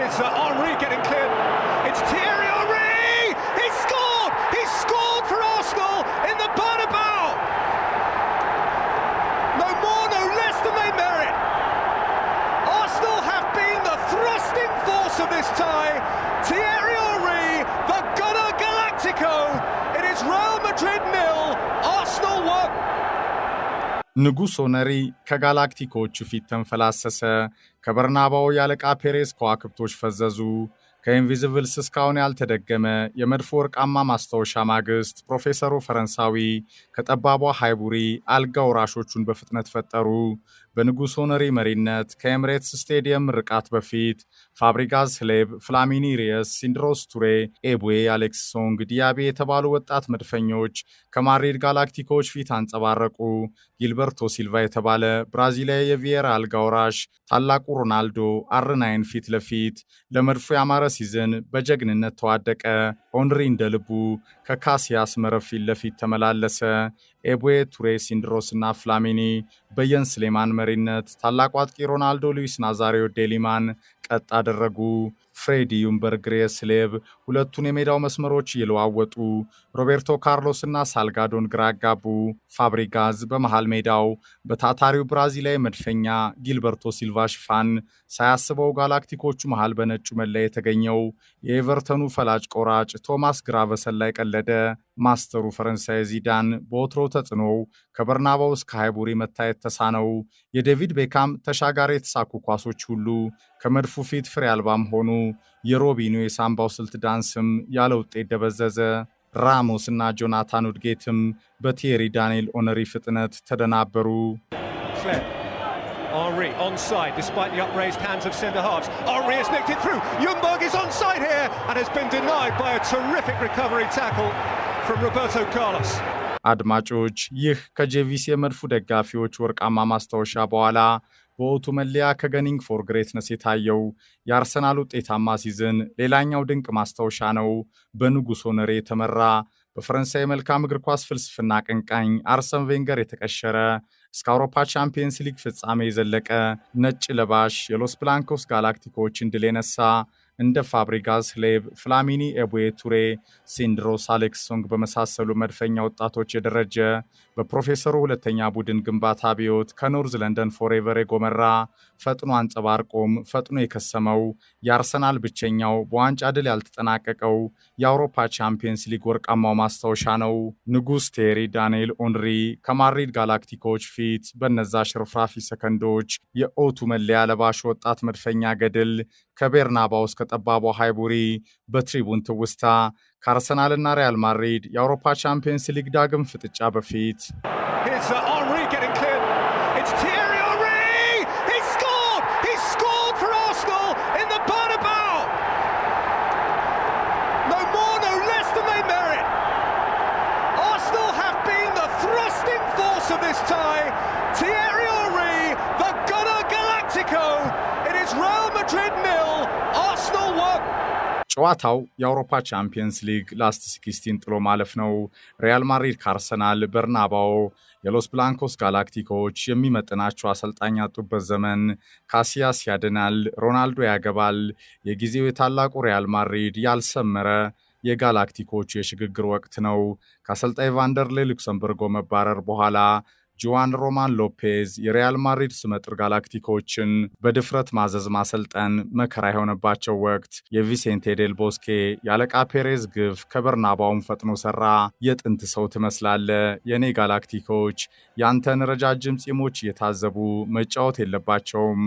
And it's uh, Henri getting cleared. It's Thierry. ንጉሥ ኦነሪ ከጋላክቲኮቹ ፊት ተንፈላሰሰ። ከበርናባው ያለቃ ፔሬስ ከዋክብቶች ፈዘዙ። ከኢንቪዚብልስ እስካሁን ያልተደገመ የመድፎ ወርቃማ ማስታወሻ ማግስት ፕሮፌሰሩ ፈረንሳዊ ከጠባቧ ሃይቡሪ አልጋ ወራሾቹን በፍጥነት ፈጠሩ። በንጉሥ ኦነሪ መሪነት ከኤምሬትስ ስቴዲየም ርቃት በፊት ፋብሪካ ህሌብ፣ ፍላሚኒ ሪየስ፣ ሲንድሮስ ቱሬ፣ ኤቡዌ፣ አሌክስ ሶንግ፣ ዲያቤ የተባሉ ወጣት መድፈኞች ከማድሪድ ጋላክቲኮች ፊት አንጸባረቁ። ጊልበርቶ ሲልቫ የተባለ ብራዚላዊ የቪየራ አልጋ ወራሽ ታላቁ ሮናልዶ አርናይን ፊት ለፊት ለመድፎ ያማረ ሲዝን በጀግንነት ተዋደቀ። ኦንሪ እንደ ልቡ ከካሲያስ መረብ ፊት ለፊት ተመላለሰ። ኤቡዌ፣ ቱሬ፣ ሲንድሮስ እና ፍላሚኒ በየን ስሌማን መሪነት ታላቁ አጥቂ ሮናልዶ ሉዊስ ናዛሬዮ ዴሊማን ቀጥ አድርገው wanti nuti. ፍሬዲ ዩምበር ግሬስሌቭ ሁለቱን የሜዳው መስመሮች እየለዋወጡ ሮቤርቶ ካርሎስ እና ሳልጋዶን ግራ አጋቡ። ፋብሪጋዝ በመሃል ሜዳው በታታሪው ብራዚላዊ መድፈኛ ጊልበርቶ ሲልቫ ሽፋን ሳያስበው ጋላክቲኮቹ መሃል በነጩ መለያ የተገኘው የኤቨርተኑ ፈላጭ ቆራጭ ቶማስ ግራቨሰን ላይ ቀለደ። ማስተሩ ፈረንሳይ ዚዳን በወትሮው ተጽዕኖው ከበርናባው እስከ ሃይቡሪ መታየት ተሳነው። የዴቪድ ቤካም ተሻጋሪ የተሳኩ ኳሶች ሁሉ ከመድፉ ፊት ፍሬ አልባም ሆኑ። የሮቢኑ የሳምባው ስልት ዳንስም ያለ ውጤት ደበዘዘ። ራሞስ እና ጆናታን ውድጌትም በቴሪ ዳንኤል ኦነሪ ፍጥነት ተደናበሩ። አድማጮች፣ ይህ ከጄቪሲ የመድፉ ደጋፊዎች ወርቃማ ማስታወሻ በኋላ በወቅቱ መለያ ከገኒንግ ፎር ግሬትነስ የታየው የአርሰናል ውጤታማ ሲዝን ሌላኛው ድንቅ ማስታወሻ ነው። በንጉሥ ነሬ የተመራ በፈረንሳይ መልካም እግር ኳስ ፍልስፍና አቀንቃኝ አርሰን ቬንገር የተቀሸረ እስከ አውሮፓ ቻምፒየንስ ሊግ ፍጻሜ የዘለቀ ነጭ ለባሽ የሎስ ብላንኮስ ጋላክቲኮችን ድል የነሳ እንደ ፋብሪጋስ ሌብ፣ ፍላሚኒ ኤቡዌ ቱሬ፣ ሲንድሮስ ሶንግ በመሳሰሉ መድፈኛ ወጣቶች የደረጀ በፕሮፌሰሩ ሁለተኛ ቡድን ግንባታ አብዮት ከኖርዝ ለንደን ፎሬቨር የጎመራ ፈጥኖ አንጸባርቆም ፈጥኖ የከሰመው የአርሰናል ብቸኛው በዋንጫ ድል ያልተጠናቀቀው የአውሮፓ ቻምፒየንስ ሊግ ወርቃማው ማስታወሻ ነው። ንጉሥ ቴሪ ዳንኤል ኦንሪ ከማድሪድ ጋላክቲኮች ፊት በነዛ ሽርፍራፊ ሰከንዶች የኦቱ መለያ ለባሽ ወጣት መድፈኛ ገድል ከቤርናባው እስከ ጠባቧ ሃይቡሪ በትሪቡን ትውስታ ከአርሰናልና ሪያል ማድሪድ የአውሮፓ ቻምፒየንስ ሊግ ዳግም ፍጥጫ በፊት ጨዋታው የአውሮፓ ቻምፒየንስ ሊግ ላስት ሲክስቲን ጥሎ ማለፍ ነው። ሪያል ማድሪድ ከአርሰናል በርናባው የሎስ ብላንኮስ ጋላክቲኮች የሚመጥናቸው አሰልጣኝ ያጡበት ዘመን። ካሲያስ ያድናል፣ ሮናልዶ ያገባል። የጊዜው የታላቁ ሪያል ማድሪድ ያልሰመረ የጋላክቲኮቹ የሽግግር ወቅት ነው። ከአሰልጣኝ ቫንደርሌ ሉክሰምበርጎ መባረር በኋላ ጁዋን ሮማን ሎፔዝ የሪያል ማድሪድ ስመጥር ጋላክቲኮችን በድፍረት ማዘዝ ማሰልጠን መከራ የሆነባቸው ወቅት የቪሴንቴ ዴል ቦስኬ የአለቃ ፔሬዝ ግፍ ከበርናባውም ፈጥኖ ሰራ። የጥንት ሰው ትመስላለ፣ የእኔ ጋላክቲኮች ያንተን ረጃጅም ፂሞች እየታዘቡ መጫወት የለባቸውም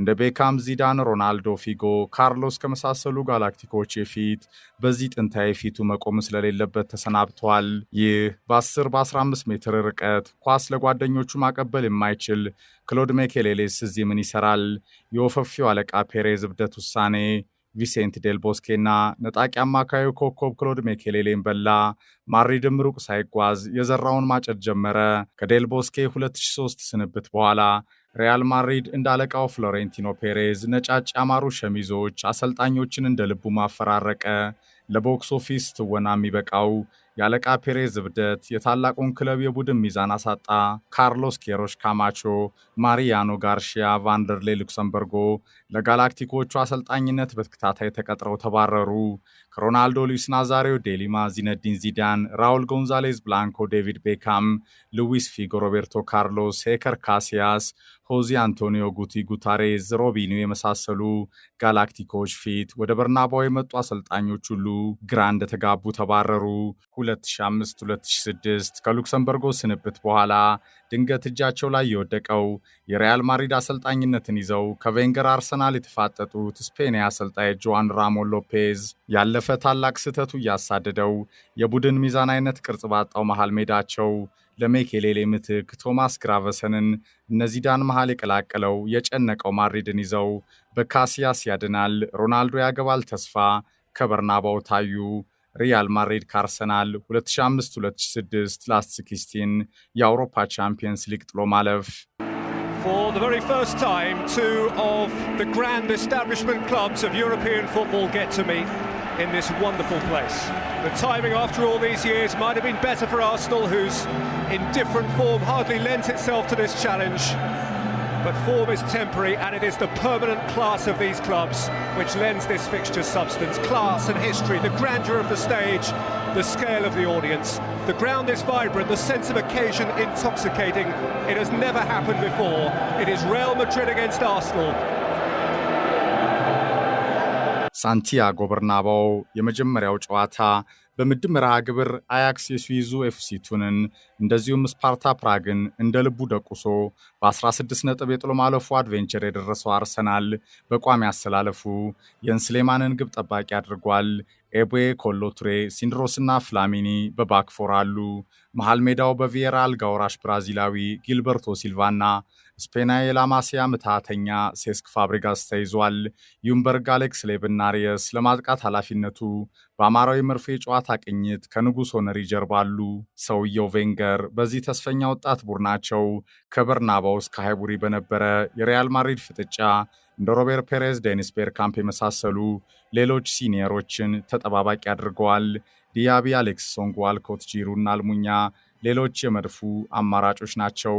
እንደ ቤካም፣ ዚዳን፣ ሮናልዶ፣ ፊጎ፣ ካርሎስ ከመሳሰሉ ጋላክቲኮች የፊት በዚህ ጥንታዊ ፊቱ መቆም ስለሌለበት ተሰናብተዋል። ይህ በ10 በ15 ሜትር ርቀት ኳስ ለጓደኞቹ ማቀበል የማይችል ክሎድ ሜኬሌሌስ እዚህ ምን ይሰራል? የወፈፊው አለቃ ፔሬዝ እብደት ውሳኔ ቪሴንት ዴል ቦስኬና ነጣቂ አማካዩ ኮከብ ክሎድ ሜኬሌሌን በላ። ማድሪድም ሩቅ ሳይጓዝ የዘራውን ማጨድ ጀመረ። ከዴል ቦስኬ 2003 ስንብት በኋላ ሪያል ማድሪድ እንዳለቃው ፍሎሬንቲኖ ፔሬዝ ነጫጭ ያማሩ ሸሚዞች አሰልጣኞችን እንደ ልቡ ማፈራረቀ። ለቦክስ ኦፊስ ትወና የሚበቃው የአለቃ ፔሬዝ እብደት የታላቁን ክለብ የቡድን ሚዛን አሳጣ። ካርሎስ ኬሮሽ ካማቾ፣ ማሪያኖ ጋርሺያ፣ ቫንደርሌ ሉክሰምበርጎ ለጋላክቲኮቹ አሰልጣኝነት በተከታታይ ተቀጥረው ተባረሩ። ሮናልዶ ሉዊስ ናዛሬዮ፣ ዴሊማ፣ ዚነዲን ዚዳን፣ ራውል ጎንዛሌዝ ብላንኮ፣ ዴቪድ ቤካም፣ ሉዊስ ፊጎ፣ ሮቤርቶ ካርሎስ፣ ሄከር ካሲያስ፣ ሆዚ አንቶኒዮ፣ ጉቲ ጉታሬዝ፣ ሮቢኒ የመሳሰሉ ጋላክቲኮች ፊት ወደ በርናባው የመጡ አሰልጣኞች ሁሉ ግራ እንደተጋቡ ተባረሩ። 2005 2006 ከሉክሰምበርጎ ስንብት በኋላ ድንገት እጃቸው ላይ የወደቀው የሪያል ማድሪድ አሰልጣኝነትን ይዘው ከቬንገር አርሰናል የተፋጠጡት ስፔንያ አሰልጣኝ ጆዋን ራሞን ሎፔዝ ያለፈ ታላቅ ስህተቱ እያሳደደው የቡድን ሚዛን አይነት ቅርጽ ባጣው መሃል ሜዳቸው ለሜኬሌሌ ምትክ ቶማስ ግራቨሰንን እነዚዳን መሃል የቀላቀለው የጨነቀው ማድሪድን ይዘው በካሲያስ ያድናል፣ ሮናልዶ ያገባል ተስፋ ከበርናባው ታዩ ሪያል ማድሪድ ከአርሰናል 2005 2006 ላስት 16 የአውሮፓ ቻምፒየንስ ሊግ ጥሎ ማለፍ For the very first time, two of the grand establishment clubs of European football get to meet in this wonderful place. The timing after all these years might have been better for Arsenal, whose indifferent form hardly lends itself to this challenge. But form is temporary, and it is the permanent class of these clubs which lends this fixture substance, class and history, the grandeur of the stage, the scale of the audience. The ground is vibrant, the sense of occasion intoxicating. It has never happened before. It is Real Madrid against Arsenal, ሳንቲያጎ በርናባው የመጀመሪያው ጨዋታ በምድብ መርሃ ግብር አያክስ የስዊዙ ኤፍሲ ቱንን እንደዚሁም ስፓርታ ፕራግን እንደ ልቡ ደቁሶ በ16 ነጥብ የጥሎ ማለፉ አድቬንቸር የደረሰው አርሰናል በቋሚ አሰላለፉ የንስሌማንን ግብ ጠባቂ አድርጓል። ኤቡዌ፣ ኮሎቱሬ፣ ሲንድሮስና ፍላሚኒ በባክፎር አሉ። መሃል ሜዳው በቪየራ ጋውራሽ ብራዚላዊ ጊልበርቶ ሲልቫና ስፔናዊ የላማሲያ ምትሃተኛ ሴስክ ፋብሪጋስ ተይዟል። ዩምበርግ፣ አሌክስ ሌብናሪየስ ለማጥቃት ኃላፊነቱ በአማራዊ መርፌ የጨዋታ ቅኝት ከንጉሥ ሆነሪ ጀርባ አሉ። ሰውየው ቬንገር በዚህ ተስፈኛ ወጣት ቡድናቸው ከበርናባው እስከ ሃይቡሪ በነበረ የሪያል ማድሪድ ፍጥጫ እንደ ሮቤር ፔሬዝ፣ ዴኒስ ቤርካምፕ የመሳሰሉ ሌሎች ሲኒየሮችን ተጠባባቂ አድርገዋል። ዲያቢ፣ አሌክስ ሶንግ፣ ዋልኮት፣ ጂሩ እና አልሙኛ ሌሎች የመድፉ አማራጮች ናቸው።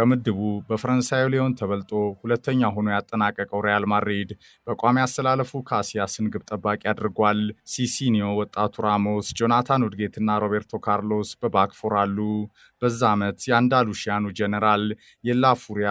ከምድቡ በፈረንሳዩ ሊዮን ተበልጦ ሁለተኛ ሆኖ ያጠናቀቀው ሪያል ማድሪድ በቋሚ አስተላለፉ ካሲያስን ግብ ጠባቂ አድርጓል። ሲሲኒዮ፣ ወጣቱ ራሞስ፣ ጆናታን ውድጌትና ሮቤርቶ ካርሎስ በባክፎር አሉ። በዛ ዓመት የአንዳሉሺያኑ ጀነራል የላፉሪያ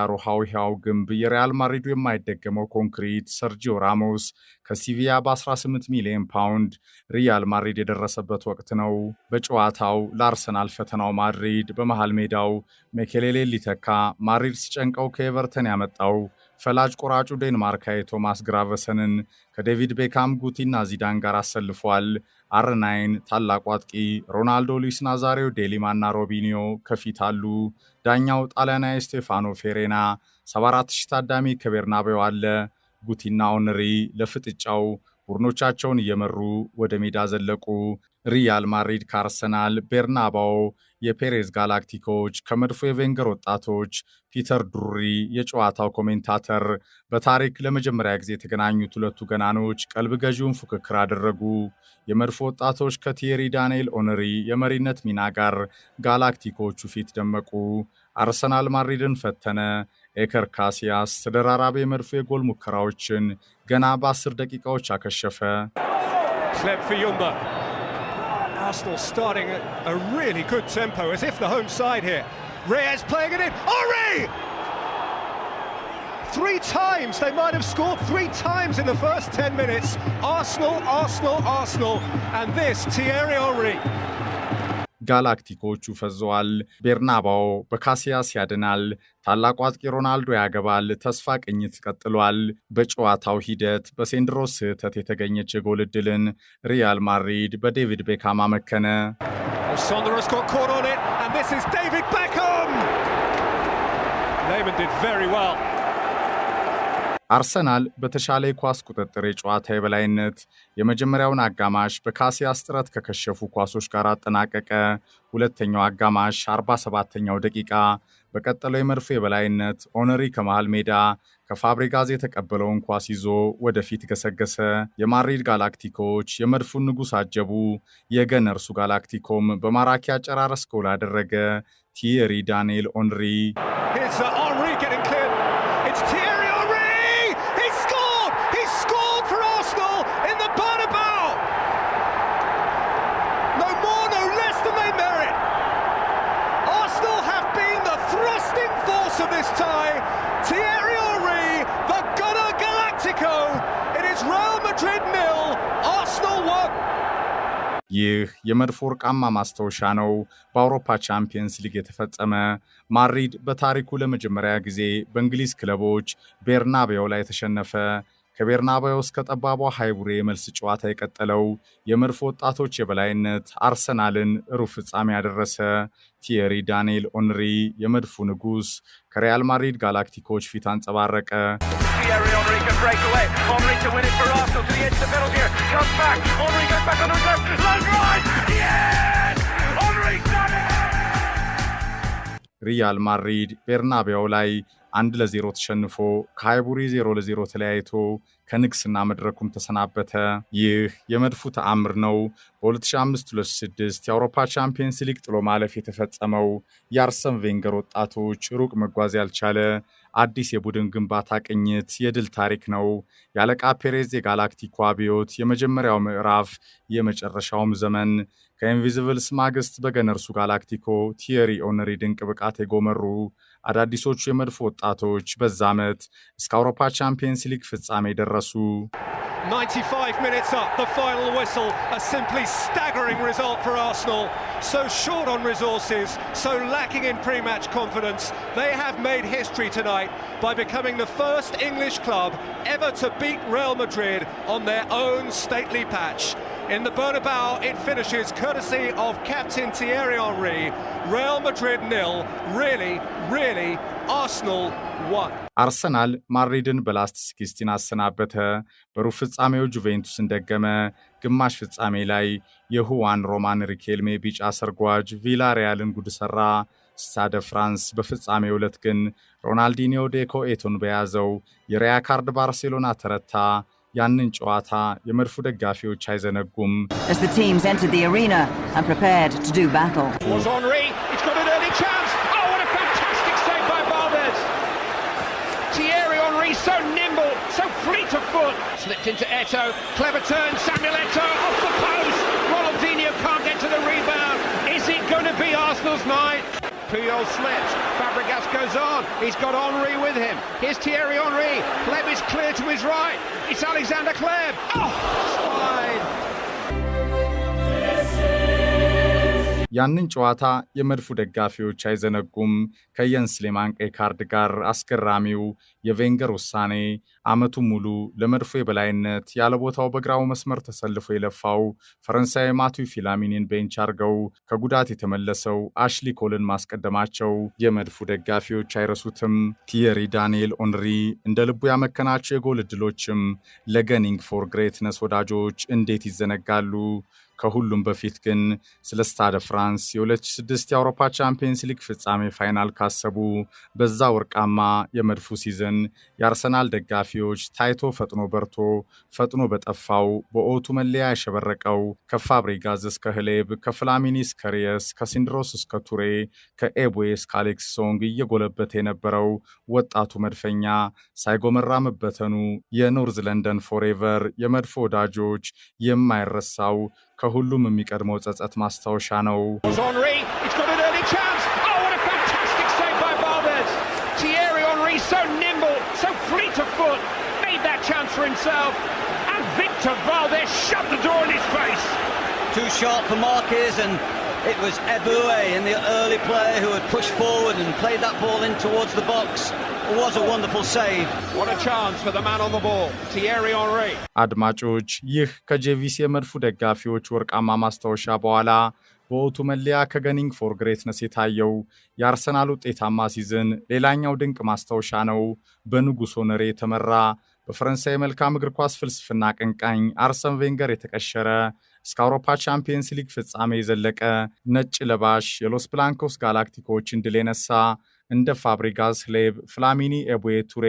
ሕያው ግንብ የሪያል ማድሪዱ የማይደገመው ኮንክሪት ሰርጂዮ ራሞስ ከሲቪያ በ18 ሚሊዮን ፓውንድ ሪያል ማድሪድ የደረሰበት ወቅት ነው። በጨዋታው ለአርሰናል ፈተናው ማድሪድ በመሃል ሜዳው ሜኬሌሌን ሊተካ ማድሪድ ሲጨንቀው ከኤቨርተን ያመጣው ፈላጭ ቆራጩ ዴንማርካዊ ቶማስ ግራቨሰንን ከዴቪድ ቤካም ጉቲና ዚዳን ጋር አሰልፏል። አርናይን፣ ታላቁ አጥቂ ሮናልዶ፣ ሉዊስ ናዛሬው፣ ዴሊማና ሮቢኒዮ ከፊት አሉ። ዳኛው ጣሊያናዊ ስቴፋኖ ፌሬና 74000 ታዳሚ ከቤርናቤው አለ። ጉቲና ኦንሪ ለፍጥጫው ቡድኖቻቸውን እየመሩ ወደ ሜዳ ዘለቁ። ሪያል ማድሪድ ከአርሰናል፣ ቤርናባው የፔሬዝ ጋላክቲኮች ከመድፎ የቬንገር ወጣቶች፣ ፒተር ዱሪ የጨዋታው ኮሜንታተር። በታሪክ ለመጀመሪያ ጊዜ የተገናኙት ሁለቱ ገናኖች ቀልብ ገዢውን ፉክክር አደረጉ። የመድፎ ወጣቶች ከቲየሪ ዳንኤል ኦነሪ የመሪነት ሚና ጋር ጋላክቲኮቹ ፊት ደመቁ። አርሰናል ማድሪድን ፈተነ። ኤከር ካሲያስ ተደራራቢ የመድፎ የጎል ሙከራዎችን ገና በአስር ደቂቃዎች አከሸፈ። Arsenal starting at a really good tempo, as if the home side here. Reyes playing it in. Ori! Three times, they might have scored three times in the first 10 minutes. Arsenal, Arsenal, Arsenal, and this Thierry Ori. ጋላክቲኮቹ ፈዘዋል። ቤርናባው በካሲያስ ያድናል። ታላቁ አጥቂ ሮናልዶ ያገባል። ተስፋ ቅኝት ቀጥሏል። በጨዋታው ሂደት በሴንድሮስ ስህተት የተገኘች የጎል ዕድልን ሪያል ማድሪድ በዴቪድ ቤካም አመከነ። አርሰናል በተሻለ የኳስ ቁጥጥር የጨዋታ የበላይነት የመጀመሪያውን አጋማሽ በካሲያስ ጥረት ከከሸፉ ኳሶች ጋር አጠናቀቀ። ሁለተኛው አጋማሽ 47ኛው ደቂቃ በቀጠለው የመድፎ የበላይነት ኦነሪ ከመሃል ሜዳ ከፋብሪጋዝ የተቀበለውን ኳስ ይዞ ወደፊት ገሰገሰ። የማድሪድ ጋላክቲኮች የመድፉን ንጉሥ አጀቡ። የገነርሱ ጋላክቲኮም በማራኪ አጨራረስ ጎል አደረገ። ቲየሪ ዳንኤል ኦንሪ ይህ የመድፎ ወርቃማ ማስታወሻ ነው። በአውሮፓ ቻምፒየንስ ሊግ የተፈጸመ ማድሪድ በታሪኩ ለመጀመሪያ ጊዜ በእንግሊዝ ክለቦች ቤርናቤው ላይ ተሸነፈ። ከቤርናቤው እስከ ጠባቧ ሃይቡሬ የመልስ ጨዋታ የቀጠለው የመድፎ ወጣቶች የበላይነት አርሰናልን ሩብ ፍጻሜ ያደረሰ። ቲየሪ ዳንኤል ኦንሪ የመድፉ ንጉሥ ከሪያል ማድሪድ ጋላክቲኮች ፊት አንጸባረቀ። Henry could break away. Henry to win it for Arsenal to the edge of the penalty area. Comes back. Henry goes back on the left. ሪያል ማድሪድ ቤርናቢያው ላይ አንድ ለዜሮ ተሸንፎ ከሃይቡሪ ዜሮ ለዜሮ ተለያይቶ ከንግስና መድረኩም ተሰናበተ። ይህ የመድፉ ተአምር ነው። በ2005/2006 የአውሮፓ ቻምፒየንስ ሊግ ጥሎ ማለፍ የተፈጸመው የአርሰን ቬንገር ወጣቶች ሩቅ መጓዝ ያልቻለ አዲስ የቡድን ግንባታ ቅኝት የድል ታሪክ ነው። የአለቃ ፔሬዝ የጋላክቲኮ አብዮት የመጀመሪያው ምዕራፍ የመጨረሻውም ዘመን ከኢንቪዚብልስ ማግስት በገነርሱ ጋላክቲኮ ቲየሪ ኦነሪ ድንቅ ብቃት የጎመሩ አዳዲሶቹ የመድፍ ወጣቶች በዛ ዓመት እስከ አውሮፓ ቻምፒየንስ ሊግ ፍጻሜ ደረሱ። 95 minutes up, the final whistle, a simply staggering result for Arsenal. So short on resources, so lacking in pre match confidence, they have made history tonight by becoming the first English club ever to beat Real Madrid on their own stately patch. In the Bernabeu, it finishes courtesy of captain Thierry Henry. Real Madrid nil, really, really, Arsenal one. አርሰናል ማድሪድን በላስት ሲክስቲን አሰናበተ። በሩብ ፍጻሜው ጁቬንቱስን ደገመ። ግማሽ ፍጻሜ ላይ የሁዋን ሮማን ሪኬልሜ ቢጫ ሰርጓጅ ቪላሪያልን ጉድ ሰራ። ስታደ ፍራንስ በፍጻሜው ዕለት ግን ሮናልዲኒዮ ዴኮ ኤቶን በያዘው የሪያ ካርድ ባርሴሎና ተረታ። ያንን ጨዋታ የመድፉ ደጋፊዎች አይዘነጉም። Puyol slips. Fabregas goes on. He's got Henri with him. Here's Thierry Henri. Kleb is clear to his right. It's Alexander Kleb. Oh, slide. ያንን ጨዋታ የመድፉ ደጋፊዎች አይዘነጉም። ከየን ስሌማን ቀይ ካርድ ጋር አስገራሚው የቬንገር ውሳኔ አመቱ ሙሉ ለመድፎ የበላይነት ያለቦታው በግራው መስመር ተሰልፎ የለፋው ፈረንሳዊ ማቱ ፊላሚኒን ቤንች አርገው ከጉዳት የተመለሰው አሽሊ ኮልን ማስቀደማቸው የመድፉ ደጋፊዎች አይረሱትም። ቲየሪ ዳንኤል ኦንሪ እንደ ልቡ ያመከናቸው የጎል እድሎችም ለገኒንግ ፎር ግሬትነስ ወዳጆች እንዴት ይዘነጋሉ? ከሁሉም በፊት ግን ስለ ስታደ ፍራንስ የ2006 የአውሮፓ ቻምፒየንስ ሊግ ፍጻሜ ፋይናል ካሰቡ በዛ ወርቃማ የመድፉ ሲዝን የአርሰናል ደጋፊዎች ታይቶ ፈጥኖ በርቶ ፈጥኖ በጠፋው በኦቱ መለያ ያሸበረቀው ከፋብሪጋዝ እስከ ህሌብ ከፍላሚኒ እስከ ሪየስ ከሲንድሮስ እስከ ቱሬ ከኤቦዌ እስከ አሌክስ ሶንግ እየጎለበተ የነበረው ወጣቱ መድፈኛ ሳይጎመራ መበተኑ የኖርዝ ለንደን ፎሬቨር የመድፎ ወዳጆች የማይረሳው ከሁሉም የሚቀድመው ጸጸት ማስታወሻ ነው። for himself. And Victor Valdez shut the door in his face. Too sharp for Marquez and it was Eboué, in the early player who had pushed forward and played that ball in towards the box. It was a wonderful save. What a chance for the man on the ball, Thierry Henry. አድማጮች ይህ ከጄቪሲ የመድፉ ደጋፊዎች ወርቃማ ማስታወሻ በኋላ በወቱ መለያ ከገኒንግ ፎር ግሬትነስ የታየው የአርሰናል ውጤታማ ሲዝን ሌላኛው ድንቅ ማስታወሻ ነው። በንጉሶ ነሬ የተመራ በፈረንሳይ የመልካም እግር ኳስ ፍልስፍና አቀንቃኝ አርሰን ቬንገር የተቀሸረ እስከ አውሮፓ ቻምፒየንስ ሊግ ፍጻሜ የዘለቀ ነጭ ለባሽ የሎስ ብላንኮስ ጋላክቲኮዎችን ድል የነሳ እንደ ፋብሪጋስ ሌብ፣ ፍላሚኒ ኤቡዌ ቱሬ፣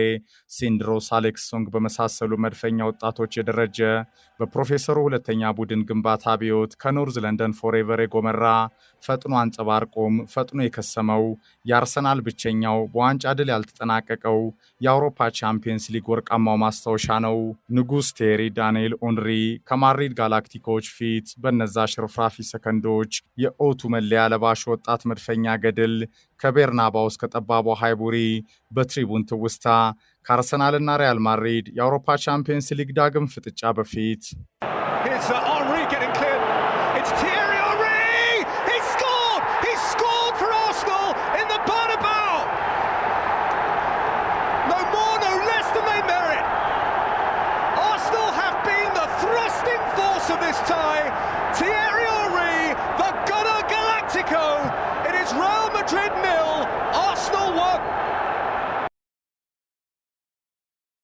ሴንድሮስ አሌክሶንግ በመሳሰሉ መድፈኛ ወጣቶች የደረጀ በፕሮፌሰሩ ሁለተኛ ቡድን ግንባታ አብዮት ከኖርዝ ለንደን ፎሬቨር የጎመራ ፈጥኖ አንጸባርቆም ፈጥኖ የከሰመው የአርሰናል ብቸኛው በዋንጫ ድል ያልተጠናቀቀው የአውሮፓ ቻምፒየንስ ሊግ ወርቃማው ማስታወሻ ነው። ንጉሥ ቴሪ ዳንኤል ኦንሪ ከማድሪድ ጋላክቲኮች ፊት በነዛ ሽርፍራፊ ሰከንዶች የኦቱ መለያ ለባሽ ወጣት መድፈኛ ገድል ከቤርናባው እስከ ጠባቧ ሃይቡሪ በትሪቡን ትውስታ ከአርሰናልና ሪያል ማድሪድ የአውሮፓ ቻምፒየንስ ሊግ ዳግም ፍጥጫ በፊት